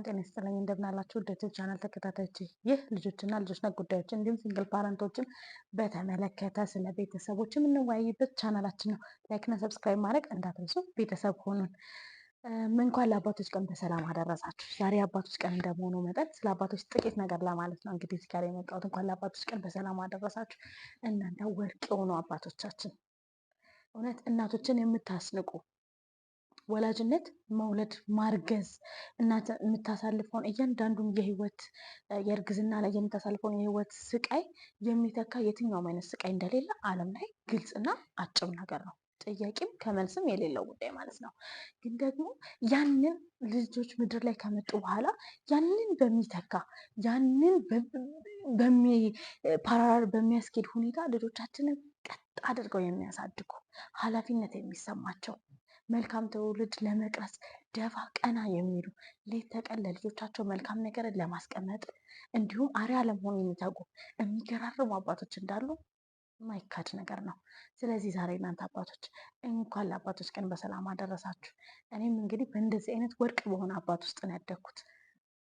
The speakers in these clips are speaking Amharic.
ሰላም ጤና ይስጥልኝ እንደምናላችሁ ወደዚህ ቻናል ተከታታዮች ይህ ልጆችና ልጆች ጉዳዮችን እንዲሁም ሲንግል ፓረንቶችን በተመለከተ ስለ ቤተሰቦች የምንወያይበት ቻናላችን ነው። ላይክና ሰብስክራይብ ማድረግ እንዳትረሱ ቤተሰብ ሆኑን። እንኳን ለአባቶች ቀን በሰላም አደረሳችሁ። ዛሬ አባቶች ቀን እንደመሆኑ መጠን ስለ አባቶች ጥቂት ነገር ለማለት ነው እንግዲህ ጋር የመጣሁት። እንኳን ለአባቶች ቀን በሰላም አደረሳችሁ እናንተ ወርቅ የሆኑ አባቶቻችን፣ እውነት እናቶችን የምታስንቁ ወላጅነት መውለድ፣ ማርገዝ እናት የምታሳልፈውን እያንዳንዱን የህይወት የእርግዝና ላይ የምታሳልፈውን የህይወት ስቃይ የሚተካ የትኛውም አይነት ስቃይ እንደሌለ ዓለም ላይ ግልጽና አጭር ነገር ነው። ጥያቄም ከመልስም የሌለው ጉዳይ ማለት ነው። ግን ደግሞ ያንን ልጆች ምድር ላይ ከመጡ በኋላ ያንን በሚተካ ያንን በሚፓራራር በሚያስኬድ ሁኔታ ልጆቻችንን ቀጥ አድርገው የሚያሳድጉ ኃላፊነት የሚሰማቸው መልካም ትውልድ ለመቅረጽ ደፋ ቀና የሚሉ ሌት ተቀን ለልጆቻቸው መልካም ነገርን ለማስቀመጥ እንዲሁም አርያ ለመሆን የሚተጉ የሚገራርሙ አባቶች እንዳሉ ማይካድ ነገር ነው። ስለዚህ ዛሬ እናንተ አባቶች እንኳን ለአባቶች ቀን በሰላም አደረሳችሁ። እኔም እንግዲህ በእንደዚህ አይነት ወርቅ በሆነ አባት ውስጥ ነው ያደግኩት።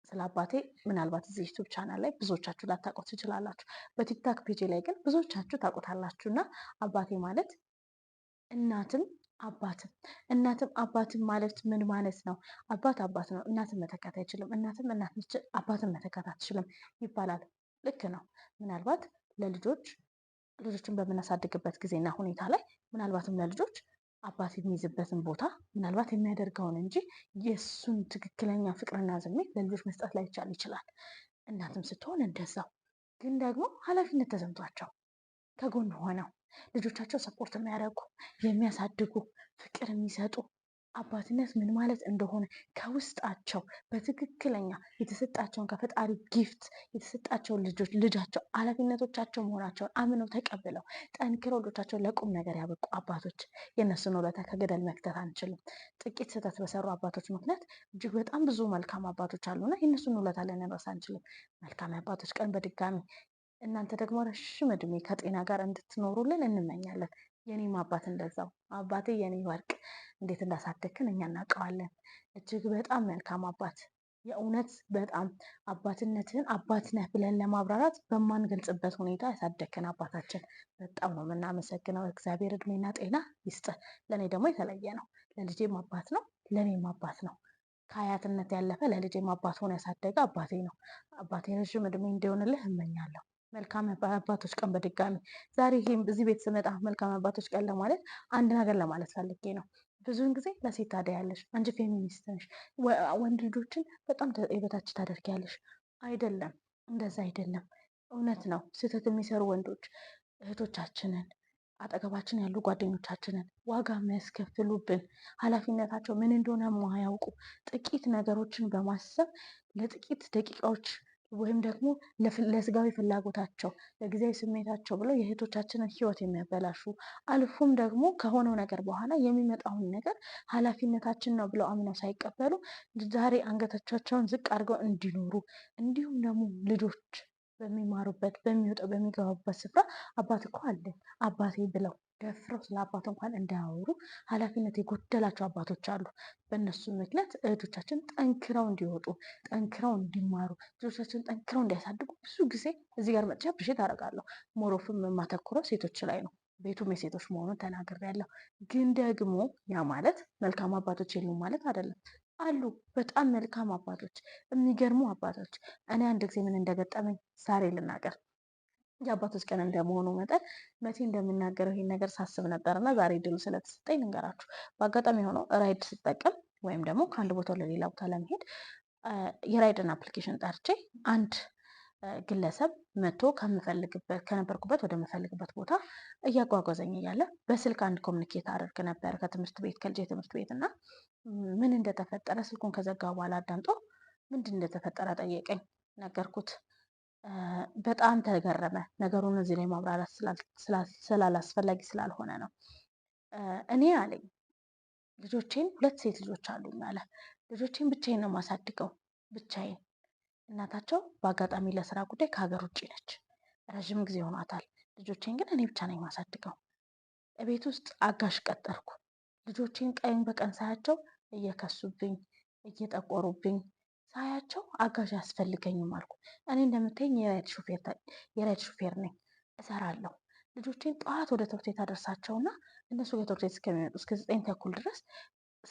ስለ አባቴ ምናልባት እዚህ ዩቱብ ቻናል ላይ ብዙዎቻችሁ ላታውቁት ትችላላችሁ። በቲክታክ ፔጅ ላይ ግን ብዙዎቻችሁ ታውቁታላችሁ እና አባቴ ማለት እናትም አባትም እናትም አባትም ማለት ምን ማለት ነው? አባት አባት ነው፣ እናትን መተካት አይችልም። እናትም እናት ነች፣ አባትን መተካት አትችልም ይባላል። ልክ ነው። ምናልባት ለልጆች ልጆችን በምናሳድግበት ጊዜና ሁኔታ ላይ ምናልባትም ለልጆች አባት የሚይዝበትን ቦታ ምናልባት የሚያደርገውን እንጂ የእሱን ትክክለኛ ፍቅርና ስሜት ለልጆች መስጠት ላይቻል ይችላል። እናትም ስትሆን እንደዛው። ግን ደግሞ ኃላፊነት ተሰምቷቸው ከጎን ሆነው ልጆቻቸው ሰፖርት የሚያደርጉ የሚያሳድጉ ፍቅር የሚሰጡ አባትነት ምን ማለት እንደሆነ ከውስጣቸው በትክክለኛ የተሰጣቸውን ከፈጣሪ ጊፍት የተሰጣቸውን ልጆች ልጃቸው ኃላፊነቶቻቸው መሆናቸውን አምነው ተቀብለው ጠንክረው ልጆቻቸው ለቁም ነገር ያበቁ አባቶች የእነሱን ውለታ ከገደል መክተት አንችልም። ጥቂት ስህተት በሰሩ አባቶች ምክንያት እጅግ በጣም ብዙ መልካም አባቶች አሉና የእነሱን ውለታ ልንረሳ አንችልም። መልካም አባቶች ቀን በድጋሚ እናንተ ደግሞ ረዥም እድሜ ከጤና ጋር እንድትኖሩልን እንመኛለን። የኔም አባት እንደዛው። አባቴ የኔ ወርቅ እንዴት እንዳሳደግክን እኛ እናውቀዋለን። እጅግ በጣም መልካም አባት፣ የእውነት በጣም አባትነትህን አባት ነህ ብለን ለማብራራት በማንገልጽበት ሁኔታ ያሳደግከን አባታችን በጣም ነው የምናመሰግነው። እግዚአብሔር እድሜና ጤና ይስጥ። ለእኔ ደግሞ የተለየ ነው። ለልጄም አባት ነው፣ ለእኔም አባት ነው። ከአያትነት ያለፈ ለልጄም አባት ሆኖ ያሳደገ አባቴ ነው። አባቴ ረዥም እድሜ እንዲሆንልህ እመኛለሁ። መልካም አባቶች ቀን በድጋሚ ዛሬ ይሄም እዚህ ቤት ስመጣ መልካም አባቶች ቀን ለማለት አንድ ነገር ለማለት ፈልጌ ነው። ብዙውን ጊዜ ለሴት ታደያለሽ፣ አንቺ ፌሚኒስት ነሽ፣ ወንድ ልጆችን በጣም የበታች ታደርጊያለሽ። አይደለም፣ እንደዛ አይደለም። እውነት ነው። ስህተት የሚሰሩ ወንዶች እህቶቻችንን፣ አጠገባችን ያሉ ጓደኞቻችንን ዋጋ የሚያስከፍሉብን ኃላፊነታቸው ምን እንደሆነ ማያውቁ ጥቂት ነገሮችን በማሰብ ለጥቂት ደቂቃዎች ወይም ደግሞ ለስጋዊ ፍላጎታቸው ለጊዜያዊ ስሜታቸው ብለው የእህቶቻችንን ህይወት የሚያበላሹ አልፎም ደግሞ ከሆነው ነገር በኋላ የሚመጣውን ነገር ኃላፊነታችን ነው ብለው አምነው ሳይቀበሉ ዛሬ አንገቶቻቸውን ዝቅ አድርገው እንዲኖሩ እንዲሁም ደግሞ ልጆች በሚማሩበት በሚወጣው በሚገባበት ስፍራ አባት እኮ አለን አባቴ ብለው ደፍረው ስለ አባት እንኳን እንዳያወሩ ኃላፊነት የጎደላቸው አባቶች አሉ። በእነሱ ምክንያት እህቶቻችን ጠንክረው እንዲወጡ ጠንክረው እንዲማሩ ልጆቻችን ጠንክረው እንዲያሳድጉ ብዙ ጊዜ እዚህ ጋር መጥቼ ብሽት አደርጋለሁ። ሞሮፍም የማተኩረው ሴቶች ላይ ነው። ቤቱም የሴቶች መሆኑን ተናግሬያለሁ። ግን ደግሞ ያ ማለት መልካም አባቶች የሉም ማለት አይደለም። አሉ በጣም መልካም አባቶች፣ የሚገርሙ አባቶች። እኔ አንድ ጊዜ ምን እንደገጠመኝ ዛሬ ልናገር። የአባቶች ቀን እንደመሆኑ መጠን መቼ እንደምናገረው ይህን ነገር ሳስብ ነበር እና ዛሬ ድሉ ስለተሰጠኝ ልንገራችሁ። በአጋጣሚ የሆነው ራይድ ስጠቀም ወይም ደግሞ ከአንድ ቦታ ለሌላ ቦታ ለመሄድ የራይድን አፕሊኬሽን ጠርቼ አንድ ግለሰብ መቶ ከምፈልግበት ከነበርኩበት ወደ ምፈልግበት ቦታ እያጓጓዘኝ እያለ በስልክ አንድ ኮሚኒኬት አደርግ ነበር ከትምህርት ቤት ከልጅ ትምህርት ቤት እና ምን እንደተፈጠረ ስልኩን ከዘጋ በኋላ አዳምጦ ምንድን እንደተፈጠረ ጠየቀኝ፣ ነገርኩት። በጣም ተገረመ። ነገሩን እዚህ ላይ ማብራራት ስላላስፈላጊ ስላልሆነ ነው። እኔ አለኝ ልጆቼን ሁለት ሴት ልጆች አሉኝ አለ። ልጆቼን ብቻዬን ነው የማሳድገው፣ ብቻዬን። እናታቸው በአጋጣሚ ለስራ ጉዳይ ከሀገር ውጭ ነች፣ ረዥም ጊዜ ሆኗታል። ልጆቼን ግን እኔ ብቻ ነኝ የማሳድገው። እቤት ውስጥ አጋሽ ቀጠርኩ። ልጆቼን ቀን በቀን ሳያቸው እየከሱብኝ፣ እየጠቆሩብኝ፣ ሳያቸው አጋዥ አያስፈልገኝም አልኩ። እኔ እንደምታየኝ የራይድ ሹፌር ነኝ፣ እሰራለሁ። ልጆቼን ጠዋት ወደ ትምህርት ቤት አደርሳቸውና እነሱ ከትምህርት ቤት እስከሚመጡ እስከ ዘጠኝ ተኩል ድረስ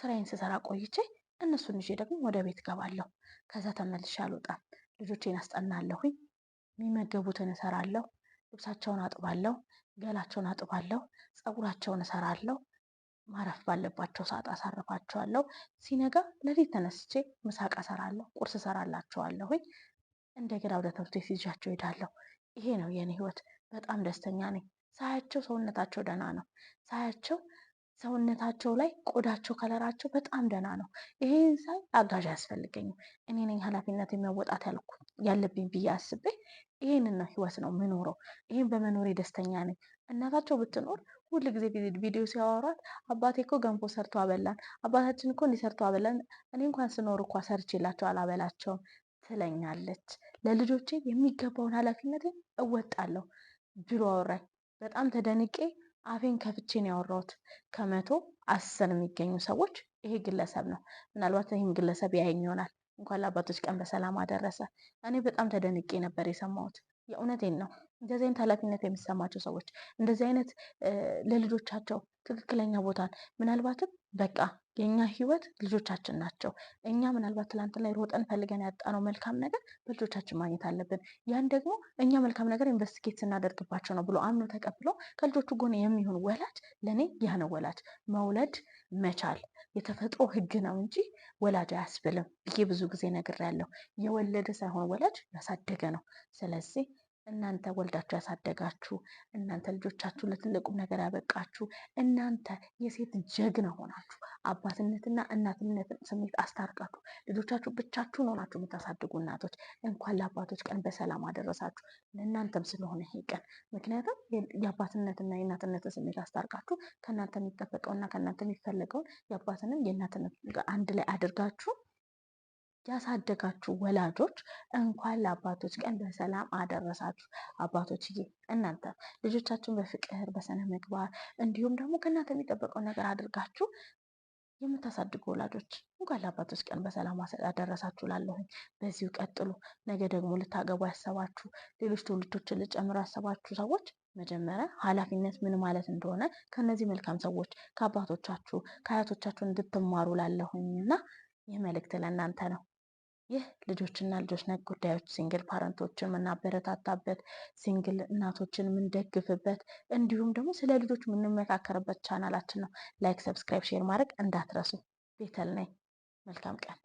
ስራዬን ስሰራ ቆይቼ እነሱን ይዤ ደግሞ ወደ ቤት ገባለሁ። ከዛ ተመልሼ አልወጣም። ልጆቼን አስጠናለሁኝ፣ የሚመገቡትን እሰራለሁ፣ ልብሳቸውን አጥባለሁ፣ ገላቸውን አጥባለሁ፣ ፀጉራቸውን እሰራለሁ። ማረፍ ባለባቸው ሰዓት አሳርፋቸዋለሁ። ሲነጋ ለሊት ተነስቼ ምሳቅ ሰራለሁ፣ ቁርስ ሰራላቸዋለሁኝ። እንደገና ወደ ትምህርት ቤት ይዣቸው ሄዳለሁ። ይሄ ነው የኔ ህይወት። በጣም ደስተኛ ነኝ። ሳያቸው ሰውነታቸው ደህና ነው። ሳያቸው ሰውነታቸው ላይ ቆዳቸው፣ ከለራቸው በጣም ደህና ነው። ይሄን ሳይ አጋዥ አያስፈልገኝም። እኔ ነኝ ኃላፊነት መወጣት ያለብኝ ብዬ አስቤ ይሄንን ነው ህይወት ነው ምኖረው። ይሄን በመኖሬ ደስተኛ ነኝ። እናታቸው ብትኖር ሁል ጊዜ ቪዲዮ ሲያወሯት አባቴ እኮ ገንፎ ሰርቶ አበላን፣ አባታችን እኮ እንዲሰርቶ አበላን፣ እኔ እንኳን ስኖር እኳ ሰርቼላቸው አላበላቸውም ትለኛለች። ለልጆቼ የሚገባውን ኃላፊነት እወጣለሁ ብሎ አወራኝ። በጣም ተደንቄ አፌን ከፍቼን ያወራት ያወራሁት። ከመቶ አስር የሚገኙ ሰዎች ይሄ ግለሰብ ነው። ምናልባት ይህም ግለሰብ ያየኝ ይሆናል። እንኳን ለአባቶች ቀን በሰላም አደረሰ። እኔ በጣም ተደንቄ ነበር የሰማሁት። የእውነቴን ነው። እንደዚህ አይነት ኃላፊነት የሚሰማቸው ሰዎች እንደዚህ አይነት ለልጆቻቸው ትክክለኛ ቦታን ምናልባትም በቃ የኛ ህይወት ልጆቻችን ናቸው። እኛ ምናልባት ትላንት ላይ ሮጠን ፈልገን ያጣነው መልካም ነገር በልጆቻችን ማግኘት አለብን። ያን ደግሞ እኛ መልካም ነገር ኢንቨስቲጌት ስናደርግባቸው ነው ብሎ አምኖ ተቀብሎ ከልጆቹ ጎን የሚሆን ወላጅ ለእኔ ያነ ነው ወላጅ። መውለድ መቻል የተፈጥሮ ህግ ነው እንጂ ወላጅ አያስብልም ብዬ ብዙ ጊዜ ነግሬያለሁ። የወለደ ሳይሆን ወላጅ ያሳደገ ነው። ስለዚህ እናንተ ወልዳችሁ ያሳደጋችሁ፣ እናንተ ልጆቻችሁን ለትልቁም ነገር ያበቃችሁ፣ እናንተ የሴት ጀግና ሆናችሁ አባትነትና እናትነትን ስሜት አስታርቃችሁ ልጆቻችሁ ብቻችሁን ሆናችሁ የምታሳድጉ እናቶች እንኳን ለአባቶች ቀን በሰላም አደረሳችሁ። ለእናንተም ስለሆነ ይሄ ቀን ምክንያቱም የአባትነትና የእናትነትን ስሜት አስታርቃችሁ ከእናንተ የሚጠበቀውና ከእናንተ የሚፈለገውን የአባትንም የእናትነት አንድ ላይ አድርጋችሁ ያሳደጋችሁ ወላጆች እንኳን ለአባቶች ቀን በሰላም አደረሳችሁ። አባቶችዬ እናንተ ልጆቻችሁን በፍቅር በስነ ምግባር እንዲሁም ደግሞ ከእናንተ የሚጠበቀው ነገር አድርጋችሁ የምታሳድጉ ወላጆች እንኳን ለአባቶች ቀን በሰላም አደረሳችሁ። ላለሁኝ በዚሁ ቀጥሉ። ነገ ደግሞ ልታገቡ ያሰባችሁ ሌሎች ትውልዶችን ልጨምሩ ያሰባችሁ ሰዎች መጀመሪያ ኃላፊነት ምን ማለት እንደሆነ ከእነዚህ መልካም ሰዎች ከአባቶቻችሁ ከአያቶቻችሁ እንድትማሩ ላለሁኝ እና ይህ መልእክት ለእናንተ ነው። ይህ ልጆችና ልጆች ነክ ጉዳዮች ሲንግል ፓረንቶችን የምናበረታታበት ሲንግል እናቶችን የምንደግፍበት እንዲሁም ደግሞ ስለ ልጆች የምንመካከርበት ቻናላችን ነው። ላይክ፣ ሰብስክራይብ፣ ሼር ማድረግ እንዳትረሱ። ቤተል ነኝ። መልካም ቀን።